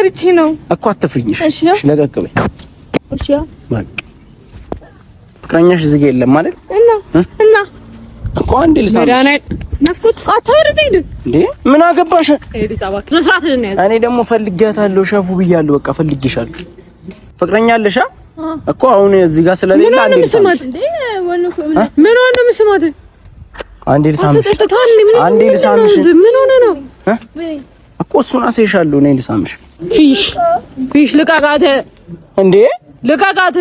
ፈርቼ ነው እኮ። አትፍሪኝ፣ እሺ። ለቀቅ በይ፣ እሺ። በቃ ፍቅረኛሽ እዚህ የለም ማለት እና እና እኮ አንዴ ምን አገባሽ? እኔ ደግሞ ፈልጊያታለሁ፣ ሸፉ ብያለሁ። በቃ ፈልጊሻለሁ። ፍቅረኛ አለሽ እኮ አሁን እዚህ ጋር ስለሌለ አንዴ ልሳምሽ። ምን ሆነ ነው እኮ እሱን አሳይሻለሁ። እኔ ልሳምሽ። ፊሽ ፊሽ ልቀቃት እንዴ! ልቀቃት።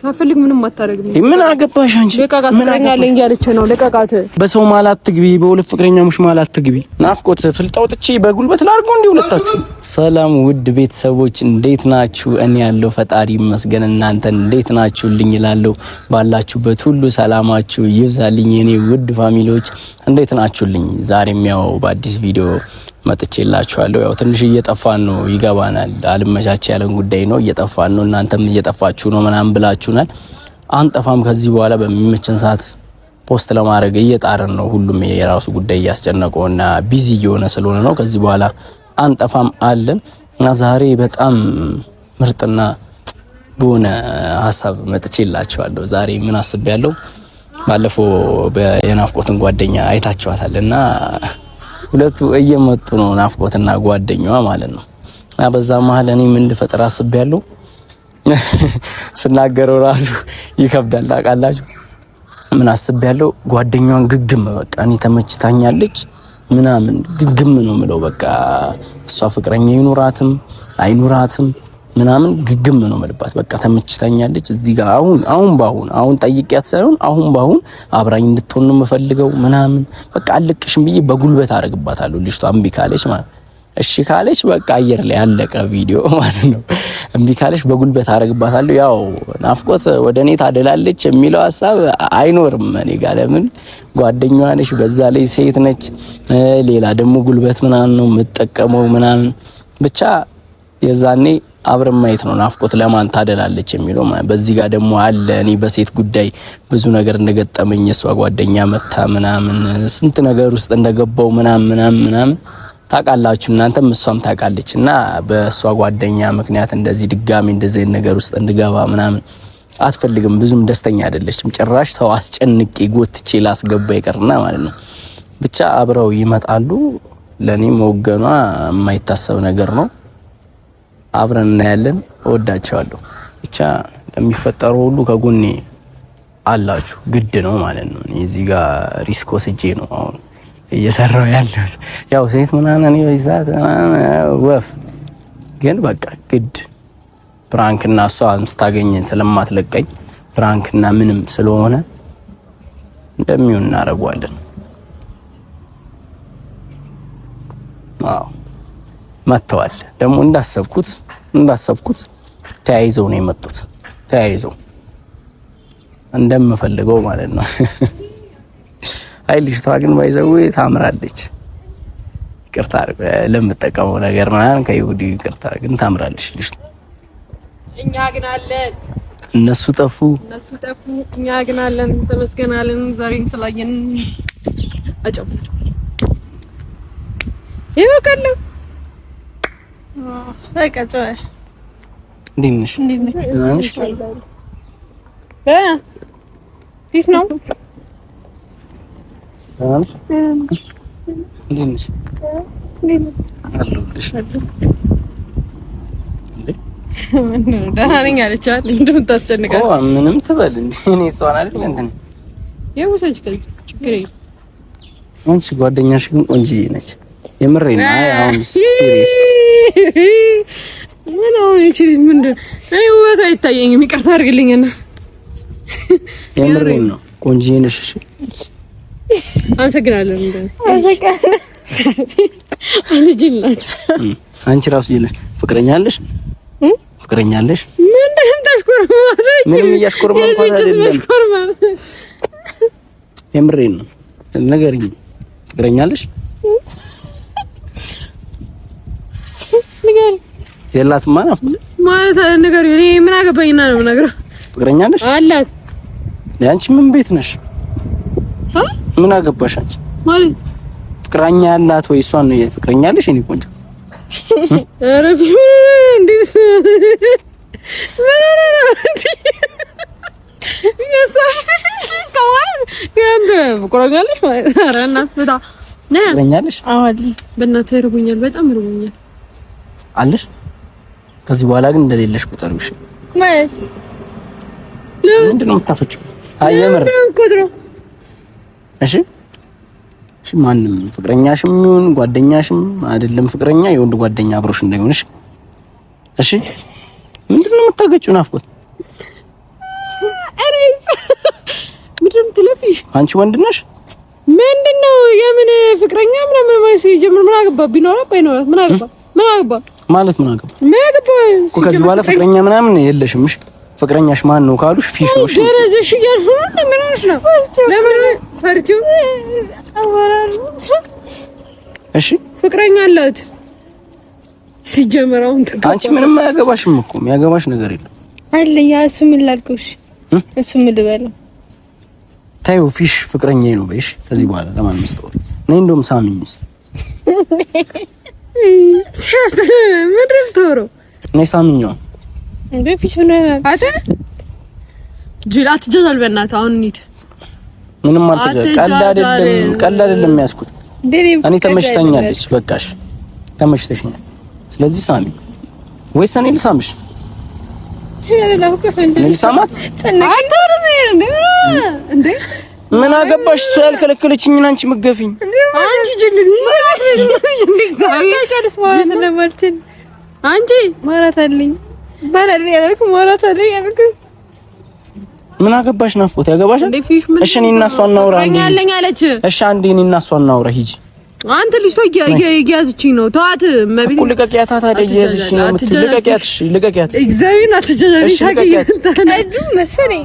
ሳፈልግ ምንም አታደርግም። ምን አገባሽ አንቺ? ልቀቃት። ፍቅረኛ አለኝ እያለች ነው። ልቀቃት። በሰው መሀል አትግቢ፣ በሁለት ሙሽ መሀል አትግቢ። ናፍቆት ፍልጥ አውጥቼ በጉልበት ላድርገው እንዴ ሁለታችሁ? ሰላም ውድ ቤተሰቦች እንዴት ናችሁ? እኔ ያለው ፈጣሪ ይመስገን፣ እናንተ እንዴት ናችሁ ልኝ እላለሁ ባላችሁበት ሁሉ ሰላማችሁ ይብዛልኝ። የኔ ውድ ፋሚሊዎች እንዴት ናችሁ ልኝ። ዛሬም ያው በአዲስ ቪዲዮ መጥቼ ያው ትንሽ እየጠፋን ነው ይገባናል። አልመቻች ያለን ጉዳይ ነው። እየጠፋን ነው፣ እናንተም እየጠፋችሁ ነው ምናምን ብላችሁናል። አንጠፋም። ከዚህ በኋላ በሚመቸን ሰዓት ፖስት ለማድረግ እየጣረን ነው። ሁሉም የራሱ ጉዳይ እና ቢዚ እየሆነ ስለሆነ ነው። ከዚህ በኋላ አንጠፋም አለን እና ዛሬ በጣም ምርጥና በሆነ ሀሳብ መጥቼ ዛሬ ምን አስቤያለሁ? ባለፈው የናፍቆትን ጓደኛ አይታችኋታል እና ሁለቱ እየመጡ ነው፣ ናፍቆትና ጓደኛዋ ማለት ነው። እና በዛ መሀል እኔ ምን ልፈጥር አስቤያለሁ። ስናገረው ራሱ ይከብዳል ታውቃላችሁ። ምን አስቤያለሁ? ጓደኛዋን ግግም በቃ እኔ ተመችታኛለች ምናምን ግግም ነው ምለው። በቃ እሷ ፍቅረኛ ይኑራትም አይኑራትም ምናምን ግግም ነው መልባት በቃ ተመችታኛለች። እዚህ ጋር አሁን አሁን ባሁን አሁን ጠይቄያት ሳይሆን አሁን ባሁን አብራኝ እንድትሆን ነው የምፈልገው ምናምን በቃ አለቅሽም ብዬ በጉልበት አደርግባታለሁ። ልጅቷ እምቢ ካለች ማለት እሺ ካለች በቃ አየር ላይ ያለቀ ቪዲዮ ማለት ነው። እምቢ ካለች በጉልበት አደርግባታለሁ። ያው ናፍቆት ወደ እኔ ታደላለች የሚለው ሀሳብ አይኖርም እኔ ጋር። ለምን ጓደኛዋ ነች፣ በዛ ላይ ሴት ነች። ሌላ ደግሞ ጉልበት ምናምን ነው የምጠቀመው ምናምን ብቻ የዛኔ አብረን ማየት ነው። ናፍቆት ለማን ታደላለች የሚለው በዚህ ጋር ደግሞ አለ። እኔ በሴት ጉዳይ ብዙ ነገር እንደገጠመኝ እሷ ጓደኛ መታ ምናምን ስንት ነገር ውስጥ እንደገባው ምናምን ምናምን ምናምን ታውቃላችሁ እናንተም እሷም ታውቃለች። እና በእሷ ጓደኛ ምክንያት እንደዚህ ድጋሚ እንደዚህ ነገር ውስጥ እንድገባ ምናምን አትፈልግም። ብዙም ደስተኛ አይደለችም። ጭራሽ ሰው አስጨንቄ ጎትቼ ላስገባ ይቀርና ማለት ነው። ብቻ አብረው ይመጣሉ። ለኔ መወገኗ የማይታሰብ ነገር ነው። አብረን እናያለን። እወዳቸዋለሁ። ብቻ ለሚፈጠረው ሁሉ ከጎኔ አላችሁ። ግድ ነው ማለት ነው። እዚህ ጋር ሪስክ ወስጄ ነው አሁን እየሰራው ያለሁት። ያው ሴት ምናምን ይዛት ወፍ ግን በቃ ግድ ፕራንክና እሷም ስታገኘን ስለማትለቀኝ ፕራንክና ምንም ስለሆነ እንደሚሆን እናደርገዋለን። አዎ መጥተዋል። ደግሞ እንዳሰብኩት እንዳሰብኩት ተያይዘው ነው የመጡት። ተያይዘው እንደምፈልገው ማለት ነው። አይ ልጅቷ ግን ባይዘው ታምራለች። ይቅርታ ለምጠቀመው ነገር ምናምን ከይሁዲ ይቅርታ፣ ግን ታምራለች ልጅ። እኛ ግን አለን እነሱ ጠፉ፣ እነሱ ጠፉ፣ እኛ ግን አለን። ተመስገን ዛሬን ስላየን አጨብጭ ይበቃለሁ። ፒስ ነው። ደህና ነኝ አለቻት። እንደምታስጨንቃት ምንም ትበል እኔ የውሰጅ ችግር የለም። ጓደኛሽ ግን ቆንጆዬ ነች። የምሬን አሁን ሲሪየስ ምነው ይቺ ልጅ ምንድን እኔ ውበቱ አይታየኝም። ይቅርታ አድርግልኝና የምሬን ነው። ቆንጆዬ ነሽ። እሺ አመሰግናለሁ። አንቺ ራሱ ይለሽ ፍቅረኛ አለሽ? ፍቅረኛ አለሽ? ምንድን ተሽኮርማለች? የምሬን ነው። ንገሪኝ፣ ፍቅረኛ አለሽ? ነገር ማለት ነገር እኔ ምን አገባኝና ነው ነገር ፍቅረኛ አላት። ምን ቤት ነሽ? ምን አገባሽ አንቺ ማለት ፍቅረኛ ያላት ወይ እሷን ነው የፍቅረኛ ያለሽ? እኔ ቆንጆ አረፍ እንዴስ ምን ነው እንዴ ፍቅረኛ ያለሽ ማለት በጣም ነኝ ፍቅረኛ በጣም አለሽ። ከዚህ በኋላ ግን እንደሌለሽ ቁጠር። ይሽ ምንድን ነው አየምር እሺ እሺ። ማንም ፍቅረኛሽም ይሁን ጓደኛሽም አይደለም ፍቅረኛ የወንድ ጓደኛ አብሮሽ እንዳይሆንሽ እሺ። ምንድን ነው የምታገጭው? ናፍቆት አሬስ ምድርም ትለፊ። አንቺ ወንድ ነሽ። ምንድን ነው የምን ፍቅረኛ ምናምን ምን ጀምር ምን አገባ ቢኖራት ባይኖራት ምን አገባ ምን አገባ ማለት ምን አገባ ምን አገባ እኮ ከዚህ በኋላ ፍቅረኛ ምናምን የለሽም። እሺ ፍቅረኛሽ ማን ነው ካሉሽ ፊሽ ነው። እሺ ደረዘሽ እያልሽ ነው። ለምን ፈርቲው? እሺ ፍቅረኛ አላት ሲጀመር አሁን አንቺ ምንም አያገባሽም እኮ የሚያገባሽ ነገር የለም አለ ያ እሱ ምን ላልኩሽ? እሱ ምን ልበለው? ታዩ ፊሽ ፍቅረኛ ነው በይሽ። ከዚህ በኋላ ለማንም ስትወሪ ነው እንደውም ሳሚኝስ ምድርም ቶሮ እኔ ሳምኛው እንዴ ፊሽ ምን አታ ጅል አትጀዛል። በእናትህ አሁን እንሂድ። ምንም አልተጀዛል። ቀልድ አይደለም፣ ቀልድ አይደለም ያዝኩት። እኔ ተመችተኛለች። በቃሽ፣ ተመችተሽኛል። ስለዚህ ሳሚ ወይስ እኔ ልሳምሽ? ምን አገባሽ? እሷ ያልከለከለችኝን አንቺ ምገፊኝ አንቺ ጅልን አንቺ ማራት አለኝ ባላል ያልኩ ማራት አለኝ ያልኩ ምን አገባሽ? ናፍቆት ያገባሽ? እሺ እኔ እና እሷ እናውራ። እሺ አንዴ እኔ እና እሷ እናውራ። ሂጂ አንተ ልጅ ተው፣ እየያዝችኝ ነው። ተዋት መብት እኮ ልቀቂያት። ታዲያ እየያዝችኝ ነው የምትል ልቀቂያት። እሺ ልቀቂያት። እግዚአብሔር አትጀነሪ ሻቂ ታና እዱ መሰለኝ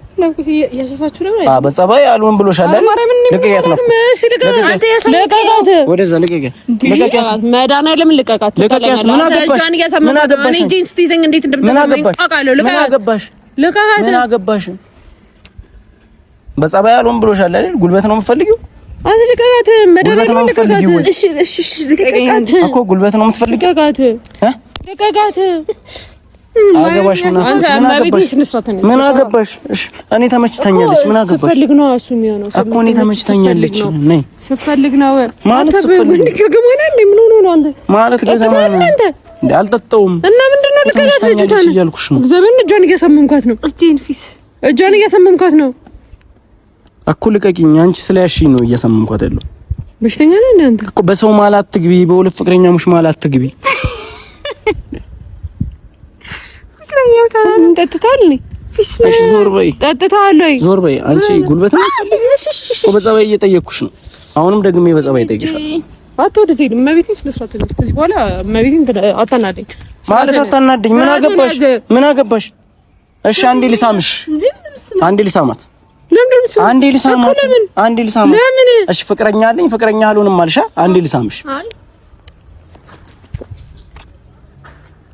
ናፍቆት እያሸፋችሁ ነው። በጸባይ አልሆን ብሎሻል። ነው። እሺ በጸባይ አልሆን ብሎሻል አይደል? ጉልበት ነው የምትፈልጊው? አንተ ልቀቂያት፣ መድኃኒዓለም ልቀቂያት። እሺ፣ እሺ፣ እሺ፣ ልቀቂያት እኮ ጉልበት ነው የምትፈልጊው? ልቀቂያት፣ ልቀቂያት አገባሽ ምን አገባሽ? እኔ ተመችተኛለች። ምን አገባሽ? እኔ ተመችተኛለች። ነይ ማለት አልጠጣውም እና ምንድን ነው እጇን እያሳመምኳት ነው። እጄን ፊስ እጇን እያሳመምኳት ነው እኮ ልቀቂኝ። አንቺ ስለያሽኝ ነው እያሳመምኳት ያለው። በሽተኛ ነህ እንደ አንተ እኮ በሰው ማላት ትግቢ በሁለት ፍቅረኛሞች ማላት ትግቢ ጠጥታል። እሺ ዞር በይ። ጠጥታል ወይ? ዞር በይ አንቺ ጉልበት ነው። እሺ በጸባይ እየጠየኩሽ ነው። አሁንም ደግሜ በጸባይ እጠይቅሻለሁ። አትወደዚህ እመቤቴን ስለ ስርዓት ነው። ከዚህ በኋላ እመቤቴን አታናደኝ ማለት አታናደኝ። ምን አገባሽ? ምን አገባሽ? እሺ አንዴ ልሳምሽ፣ አንዴ ልሳማት፣ አንዴ ልሳማት፣ አንዴ ልሳማት። እሺ ፍቅረኛ አለኝ ፍቅረኛ አልሆንም አልሻ። አንዴ ልሳምሽ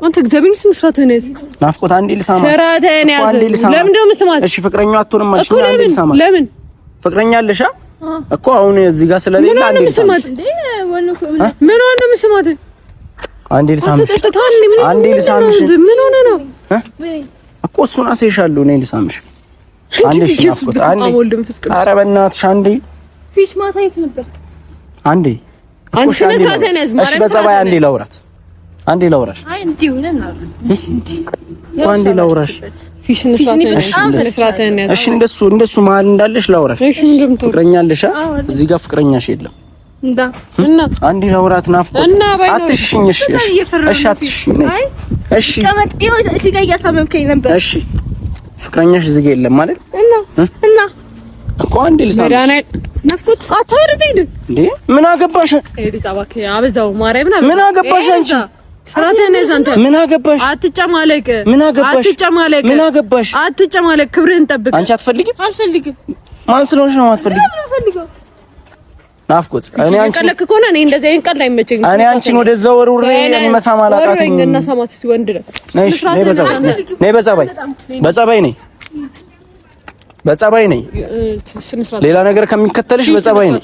አንተ እግዚአብሔር ይመስገን ስራትህን ያዝ። ናፍቆት አንዴ ልሳማ ስራትህን ያዝ። ለምን ደም ስማት። እሺ ፍቅረኛ አትሆንም ማለት ነው። አንዴ ልሳማ። ለምን ፍቅረኛ አለሻ እኮ አሁን እዚህ ጋር ስለሌለ አንዴ ልሳማ። ምን ሆነ ነው ስማት። አንዴ ልሳምሽ፣ አንዴ ልሳምሽ። ምን ሆነ ነው እኮ እሱን አሳይሻለሁ። እኔ ልሳምሽ አንዴ። እሺ ናፍቆት አንዴ። ኧረ በእናትሽ አንዴ ፊሽ ማሳየት ነበር። አንዴ አንቺ ስራትህን ያዝ። እሺ በጸባይ አንዴ ላውራት አንዴ ላውራሽ። አይ እንዲሁ ነን አንዴ ላውራሽ። እሺ እንደሱ እንደሱ መሀል እንዳለሽ ላውራሽ። ፍቅረኛ አለሽ? እዚህ ጋር ፍቅረኛሽ የለም። አንዴ ላውራት። ናፍቆት አትሽሽኝ። እሺ እሺ እዚህ ጋር ነበር። እሺ ፍቅረኛሽ እዚህ ጋር የለም ማለት እና እና እኮ አንዴ ልሳምሽ ናፍቆት እንዴ? ምን አገባሽ? ምን አገባሽ አንቺ ስራትን ያዛንተ ምን አገባሽ? አትጨማለቅ። ምን አገባሽ? አትጨማለቅ። ምን አገባሽ? አትጨማለቅ። ክብርህን ጠብቅ። አንቺ አትፈልጊም? አልፈልግም። ማን ስለሆንሽ ነው አትፈልጊም? ናፍቆት እኔ አንቺ ቀለክ ከሆነ እኔ እንደዚህ አይነት ቀልድ አይመቸኝ። እኔ አንቺን ወደዛ ወርውሬ እኔ መሳም አላቃተኝ። እና ሳማት እስኪ ወንድ ነው ነሽ ነይ በጸባይ ነይ በጸባይ በጸባይ ነይ በጸባይ ነይ ሌላ ነገር ከሚከተልሽ በጸባይ ነይ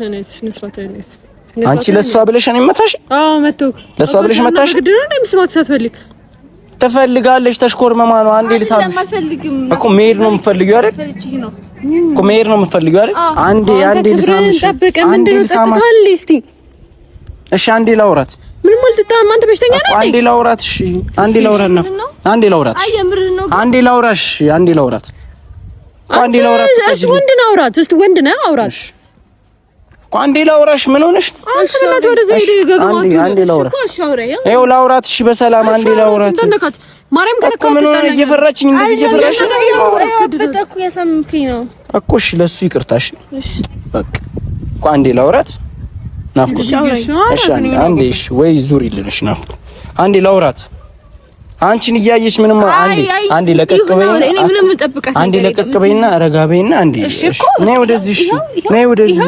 አንቺ ለእሷ ብለሽ ነው መታሽ? አዎ መተውክ ለእሷ ብለሽ መታሽ? ትፈልጋለሽ ተሽኮር መማ ነው አንዴ ልሳምሽ እኮ መሄድ ነው የምትፈልጊው አይደል? እኮ መሄድ ነው የምትፈልጊው አይደል? አንዴ አንዴ ልሳምሽ። እሺ አንዴ ላውራት። ምን ማለት ታማ አንተ በሽተኛ ነህ? አንዴ ላውራት። እሺ አንዴ ላውራት ነው። አንዴ ላውራት። አንዴ ላውራሽ። አንዴ ላውራት። አንዴ ላውራት። እስቲ ወንድ ነው አውራት። እሺ ወንድ ነው አውራት አንዴ ላውራሽ። ምን ሆነሽ? ይኸው ላውራት። እሺ በሰላም አንዴ ላውራት። ማርያም እየፈራችኝ እንደዚህ እየፈራሽ እኮ። እሺ ለሱ ይቅርታሽ። በቃ እኮ አንዴ ላውራት። ናፍቆት እሺ፣ አንዴ እሺ። ወይ ዙር ይልልሽ። ናፍቆት። አንዴ ላውራት። አንቺን እያየች ምንም አንዴ አንዴ ለቀቅ በይና አንዴ ለቀቅ በይና ረጋ በይና አንዴ እሺ። ነይ ወደዚህ እሺ፣ ነይ ወደዚህ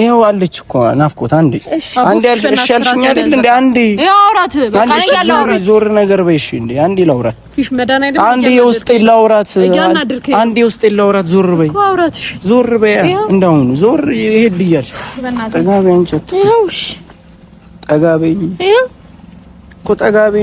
ይሄው አለች እኮ ናፍቆት። አንዴ አንዴ እሺ አልሽኝ አይደል እንዴ? አንዴ ይሄው አውራት፣ በቃ ላይ ያለው አውራት፣ ዞር ነገር በይሽ እንዴ! አንዴ ላውራት፣ ፊሽ መዳን አይደለም። አንዴ የውስጤ ላውራት፣ አንዴ የውስጤ ላውራት። ዞር በይ፣ ዞር በይ። እንደውም ዞር ይሄድ እያልሽ ጠጋ በይ፣ አንቺ ጠጋ በይ እኮ ጠጋ በይ።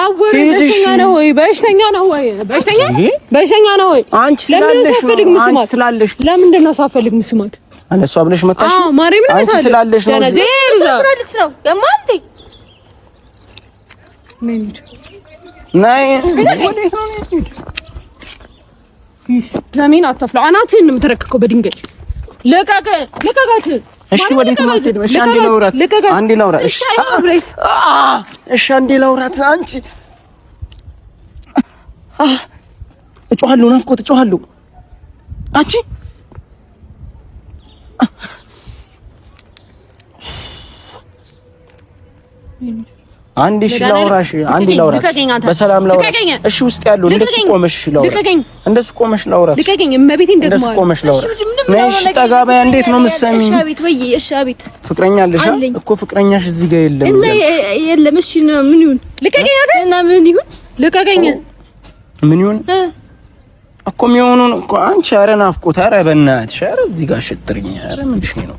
አወሪ አንቺ ስላለሽ ነው ሳፈልግ ምስማት እሷ ነው የምትረክከው በድንገት ልቀቅ፣ ልቀቃት እሺ ወዴት ነው የምትሄደው? እሺ አንዴ ላውራት፣ አንዴ ላውራት። እሺ እሺ አንዴ ላውራት። አንቺ እጮሃለሁ፣ ናፍቆት እጮሃለሁ። አንቺ Thank አንድ እሺ ላውራሽ፣ አንድ ላውራሽ፣ በሰላም ላውራሽ። እሺ ውስጥ ያለው እንደሱ ቆመሽ ላውራሽ፣ እንደሱ ቆመሽ ላውራሽ። ልቀቀኝ፣ እመቤቴን እንደሱ ቆመሽ ላውራሽ። እሺ ጠጋ በያ። እንዴት ነው የምትሰሚኝ? እሺ አቤት። ወይ እሺ አቤት። ፍቅረኛ አለሽ እኮ ፍቅረኛሽ እዚህ ጋር የለም እና የለም። እሺ ምን ይሁን? ልቀቀኝ። እና ምን ይሁን? ልቀቀኝ። ምን ይሁን እኮ የሚሆኑን እኮ አንቺ። ኧረ ናፍቆት፣ ኧረ በእናትሽ፣ ኧረ እዚህ ጋር ሽጥርኝ፣ ኧረ ምንሽ ነው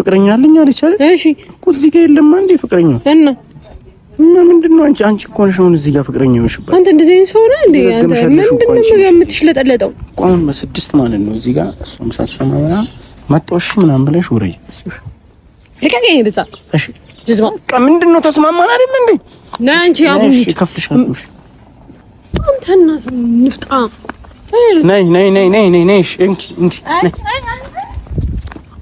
ፍቅረኛ አለኝ አለች አይደል? እሺ እኮ እዚህ ጋር የለም አንዴ ፍቅረኛ እና እና ምንድን ነው አንቺ አንቺ እኮ ነሽ አሁን እዚህ ጋር ፍቅረኛ ሆንሽበት። አንተ እንደዚህ አይነት ሰው ነህ እንዴ? አንተ ምንድን ነው የምትሽለጠለጠው? እኮ አሁን በስድስት ማለት ነው እዚህ ጋር እሷም ሳትሰማ ምናምን መጣሁሽ ምናምን ብለሽ ወሬ ልቀቀኝ። ብቻ እሺ ጅዝማ ምንድን ነው ተስማማን አይደል እንዴ? ና አንቺ አቡሽ እከፍልሻለሁ። አንተ እናት ንፍጣ ነይ ነይ ነይ ነይ ነይ ነይ እንኪ እንኪ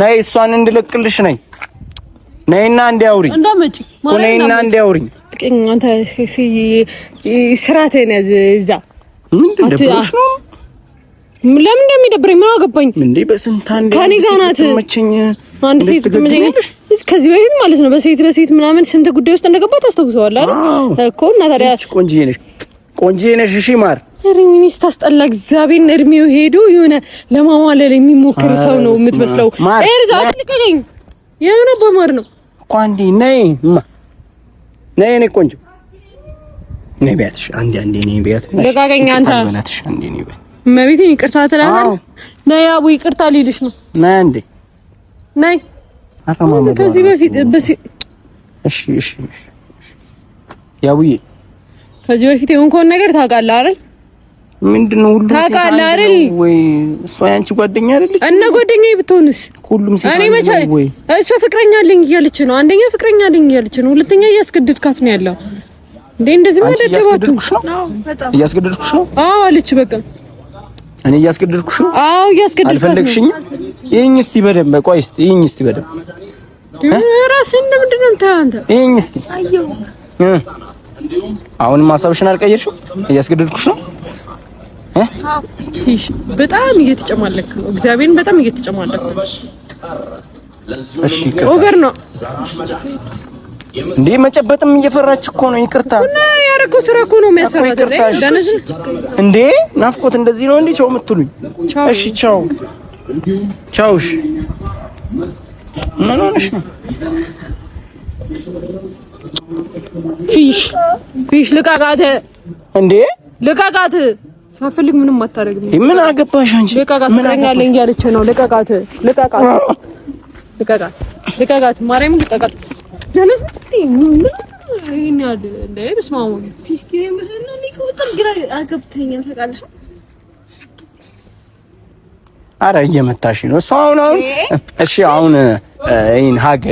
ነይ እሷን እንድለቅልሽ ነይ ነይና እንዲያውሪ እንዳመጪ ነይና እንዲያውሪ አንተ ስራቴን ያዝ እዛ ምንድን ደብሮሽ ነው ለምን እንደሚደብረኝ ምን አገባኝ እንዴ በስንት አንዴ ከኔ ጋር ናት አንድ ሴት ትመቸኛለሽ ከዚህ በፊት ማለት ነው በሴት በሴት ምናምን ስንት ጉዳይ ውስጥ እንደገባ ታስታውሰዋለህ አይደል እኮ እና ታዲያ ቆንጆዬ ነሽ ቆንጆዬ ነሽ እሺ ማር ኧረ ሚኒስት አስጠላ። እግዚአብሔር እድሜው ሄዶ የሆነ ለማማለል የሚሞክር ሰው ነው የምትመስለው። ኤርዛ አትልቀኝ። የሆነ በማር ነው እኮ አንዴ ነይ እማ ነይ ነይ ቆንጆ ነይ ቢያትሽ አንዴ አንዴ ነይ ቢያት። ደጋገኛ አንተ በላትሽ አንዴ ነይ ቢያት እመቤቴን ይቅርታ ትላለህ። ነይ አቡ ይቅርታ ሊልሽ ነው። ነይ አንዴ ነይ አታማማ ከዚህ በፊት በሲ እሺ እሺ እሺ ያቡዬ ከዚህ በፊት የሆንከውን ነገር ታውቃለህ አይደል? ምንድን ነው ሁሉ ታውቃለህ አይደል? ወይ እሷ ያንቺ ጓደኛ አይደለች እና ጓደኛዬ ብትሆንስ? ሁሉም ሴት እኔ መቼ እሷ ፍቅረኛ አለኝ እያለች ነው። አንደኛ ፍቅረኛ አለኝ እያለች ነው፣ ሁለተኛ እያስገደድካት ነው ያለው። እንዴ እንደዚህ ማለት ነው። እያስገደድኩሽ ነው? አዎ አለች። በቃ እኔ እያስገደድኩሽ ነው? አዎ እያስገደድኩሽ። አልፈለግሽኝም? ይሄኝ እስቲ በደንብ ቆይ፣ እስቲ ይሄኝ እስቲ በደንብ ራስህን ለምንድን ነው የምታየው አንተ? ይሄኝ እስቲ አየሁ። አሁንም ሀሳብሽን አልቀየርሽም? እያስገደድኩሽ ነው ፊሽ በጣም እየተጨማለክ ነው። እግዚአብሔርን በጣም እየተጨማለክ ነው። እሺ ኦቨር ነው እንዴ? መጨበጥም እየፈራች እኮ ነው። ይቅርታ እና ያደረገው ስራ እኮ ነው የሚያሰራት እንዴ። ናፍቆት እንደዚህ ነው እንዴ? ቻው የምትሉኝ? እሺ ቻው ቻው። ምን ሆነሽ ነው? ፊሽ ፊሽ ልቃቃት እንዴ! ልቃቃት ሳፈልግ ምንም አታደርግም። ምን አገባሽ አንቺ? ልቀቃት፣ ፍቅረኛ አለኝ እያለች ነው። ልቀቃት፣ ልቀቃት፣ ልቀቃት፣ ልቀቃት፣ ማርያም ልቀቃት። አረ እየመታሽ ነው እሱ አሁን እሺ፣ አሁን ይሄን ሀግ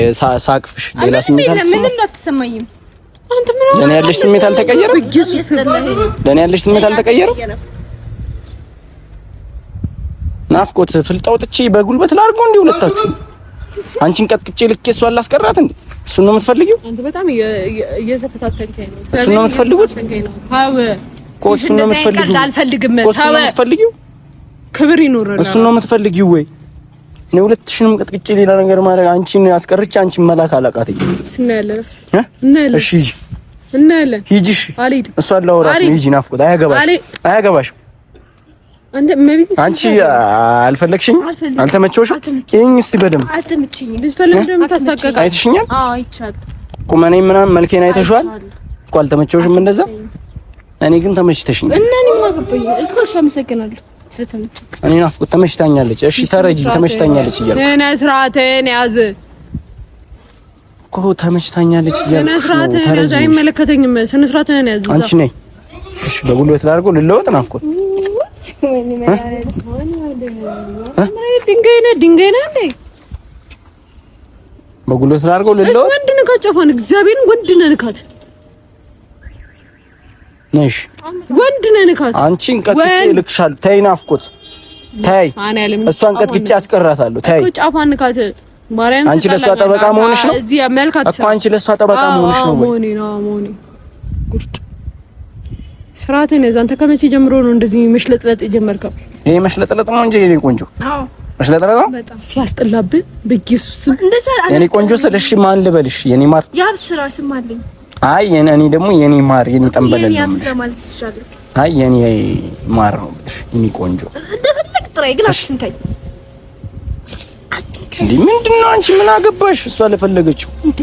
ሳቅፍሽ ሌላ ስሜት ምንም አትሰማኝም አንተ ለኔ ያለሽ ስሜት አልተቀየረም? ለኔ ያለሽ ስሜት አልተቀየረም? ናፍቆት ፍልጣው አውጥቼ በጉልበት ላድርገው እንዴ? ሁለታችሁ አንቺን ቀጥቅጬ ልኬ እሷን ላስቀራት እንዴ? እሱን ነው የምትፈልጊው? አንተ በጣም እየተፈታተንከኝ ነው። እሱን ነው የምትፈልጉት? ታው እኮ ነው የምትፈልጊው? ታው እሱን ነው የምትፈልጊው? ክብር ይኖረናል። እሱን ነው የምትፈልጊው ወይ እኔ ሁለትሽንም ቅጥቅጭ ሌላ ነገር ማድረግ አንቺን አስቀርቼ አንቺን መላክ አላቃተኝ። እናያለን እሺ፣ ሂጂ፣ ሂጂ። እሺ፣ እሷን ላወራት ሂጂ፣ ናፍቆት አያገባሽም። አንቺ አልፈለግሽኝ፣ አልተመቸውሽም። ይሄን እስቲ በደንብ አይተሽኛል፣ ቁመኔን ምናምን መልኬን አይተሽዋል እኮ አልተመቸውሽም እንደዛ። እኔ ግን ተመችተሽኛል እና እኔ እኮ። እሺ፣ አመሰግናለሁ እኔ ናፍቆት ተመችታኛለች። እሺ ተረጂ ተመችታኛለች እያልኩ ስነ ስርዓትህን ያዝ እኮ ተመችታኛለች እያልኩ ስነ ስርዓትህን ያዝ። አይመለከተኝም። ስነ ያዝ። አንቺ ነይ። እሺ በጉልበት ላድርገው ልለወጥ ናፍቆት ድንጋይ ነህ ድንጋይ ነህ እንዴ? በጉልበት ላድርገው ልለወጥ። ወንድ ንካት፣ እግዚአብሔርን ወንድ ንካት ነሽ ወንድ ነህ። አንቺን ቀጥቼ ልክሻል። ተይ ናፍቆት፣ ተይ እሷን ቀጥቼ አስቀራታለሁ። ተይ ጫፏን ንካት። ማርያም አንቺ ለሷ ጠበቃ መሆንሽ ነው እዚህ እኮ። አንቺ ለሷ ጠበቃ መሆንሽ ነው ወይ? ጉርጥ ስርዓትን ያዝ። አንተ ከመቼ ጀምሮ ነው እንደዚህ መሽለጥለጥ የጀመርከው? ይሄ መሽለጥለጥ ነው እንጂ የኔ ቆንጆ አዎ መሽለጥለጥ ነው። በጣም ሲያስጠላብህ በኢየሱስ እንደዛ። የኔ ቆንጆ ስልሽ ማን ልበልሽ? የኔ ማር ያብ ስራ ስም አለኝ አይ የኔ እኔ ደግሞ የኔ ማር የኔ ጠንበለል ነው የምልሽ። አይ የኔ አይ ማር ነው የምልሽ፣ የኔ ቆንጆ። እንደፈለግ ጥራይ፣ ግን አትንካኝ። ምንድን ነው አንቺ ምን አገባሽ? እሷ ለፈለገችው እንዴ?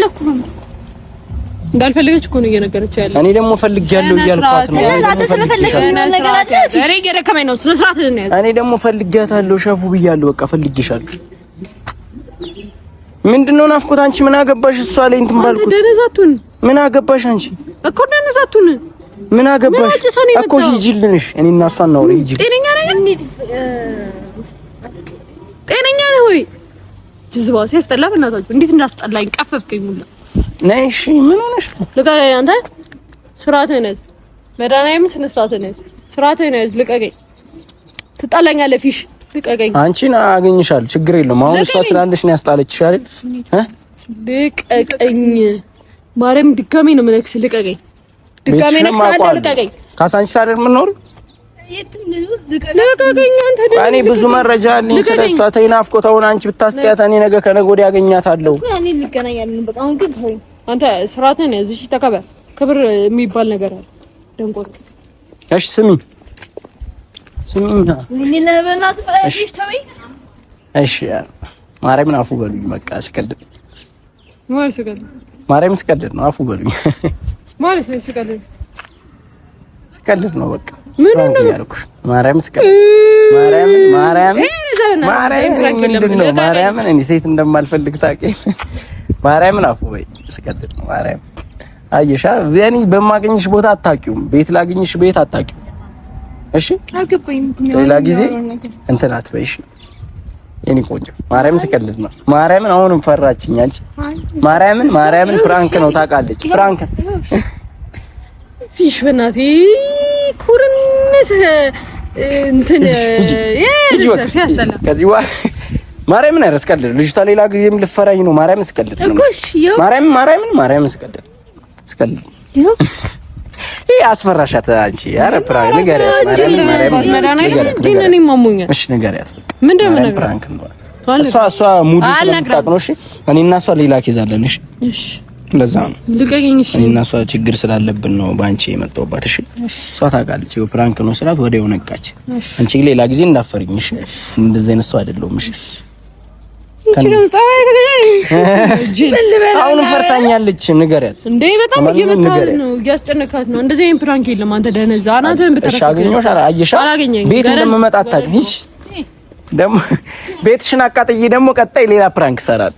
ነው እንዳልፈለገች እኮ ነው እየነገረች ያለ። እኔ ደግሞ ፈልጌያለሁ እያልኳት ነው። አንተ ስለፈለግሽ ምን ነገር አለ? እኔ እየደከመኝ ነው። ስነ ስርዓት ነው። እኔ ደግሞ ፈልጌያታለሁ፣ ሸፉ ብያለሁ። በቃ ፈልጌሻለሁ። ምንድን ነው ናፍቆት? አንቺ ምን አገባሽ? እሷ ላይ እንትን ባልኩት ደነዛቱን ምን አገባሽ አንቺ እኮ ደነዛቱን ምን አገባሽ እኮ ሂጂልንሽ። እኔ እና እሷ እናውራ። ሂጂ። ጤነኛ እንዴ ጤነኛ ነህ ወይ? ጅዝባ ሲያስጠላ፣ በእናታችሁ እንዴት እንዳስጠላኝ ቀፈፍከኝ ሙላ። ነይ እሺ። ምን ሆነሽ ነው? ልቀቀኝ አንተ። ስርዓትህን ያዝ። መድኃኒዓለም ስነ ስርዓትህን ያዝ። ስርዓትህን ያዝ። ልቀቀኝ። ትጣላኛለህ። ፊሽ ልቀቀኝ። አንቺን አገኝሻለሁ። ችግር የለውም። አሁን እሷ ስላለሽ ነው ያስጣለችሽ አይደል? ልቀቀኝ ማርያም ድጋሜ ነው የምነክስ። ልቀቀኝ! ድጋሜ ነክስ አንተ ልቀቀኝ! ካሳንቺስ አይደል የምንኖር? እኔ ብዙ መረጃ አለኝ ስለሷ። ተይ ናፍቆት። አሁን አንቺ ብታስጠያት እኔ ነገ ከነገ ወዲያ አገኛታለሁ። አንተ ስርዓትን እዚህ ተከበር። ክብር የሚባል ነገር አለ። ደንቆሮ እሺ፣ ስሚ ስሚና እሺ፣ ማርያምን አፉ በሉኝ። በቃ ስቀልድ ማርያም ስቀልድ ነው። አፉ በሉኝ ማለት ነው። ስቀልድ ስቀልድ ነው። በቃ ምን ነው ያልኩሽ? ማርያም ስቀልድ ማርያም ማርያም ነው? ማርያም እኔ ሴት እንደማልፈልግ ታውቂያለሽ። ማርያምን አፉ በይ። ስቀልድ ነው። ማርያም አየሻ፣ ያኔ በማገኝሽ ቦታ አታውቂውም። ቤት ላገኝሽ ቤት አታውቂውም። እሺ፣ ሌላ ጊዜ እንትን አትበይሽ ነው የኔ ቆንጆ ማርያምን ስቀልድ ነው። ማርያምን አሁንም ፈራችኝ አንቺ። ማርያምን ማርያምን ፕራንክ ነው ታውቃለች። ፕራንክ ፊሽ በእናቴ ኩርምስ እንትን ሲያስጠላ ከዚህ ዋ ማርያምን ኧረ ስቀልድ ልጅቷ ሌላ ጊዜም ልፈራኝ ነው። ማርያምን ስቀልድ ነው። ማርያምን ማርያምን ማርያምን ስቀልድ ስቀልድ ይሄ አስፈራሻት አንቺ። ኧረ ፕራንክ ንገሪያት። እሺ ንገሪያት። ምንድን ነው ፕራንክ እንደሆነ እሷ እሷ ስለምታውቅ ነው። እሺ እኔ እና እሷ ሌላ ኬዝ አለን። እሺ ለዛ ነው እኔ እና እሷ ችግር ስላለብን ነው በአንቺ የመጣሁባት። እሺ እሷ ታውቃለች፣ ፕራንክ ነው ስላት ወዲያው ነቃች። አንቺ ሌላ ጊዜ እንዳፈርኝ። እሺ እንደዚህ አይነት ሰው አይደለሁም። እሺ አሁንም ፈርታኛለች። ንገሪያት እንዴ! በጣም እየመታል ነው፣ እያስጨነካት ነው። እንደዚህ አይነት ፕራንክ የለም። አንተ ደነዛ አናትህን ብትረክ ቤት እንደምመጣ አታውቅም። ሂጂ ደግሞ ቤትሽን አቃጥዬ ደግሞ ቀጣይ ሌላ ፕራንክ ሰራል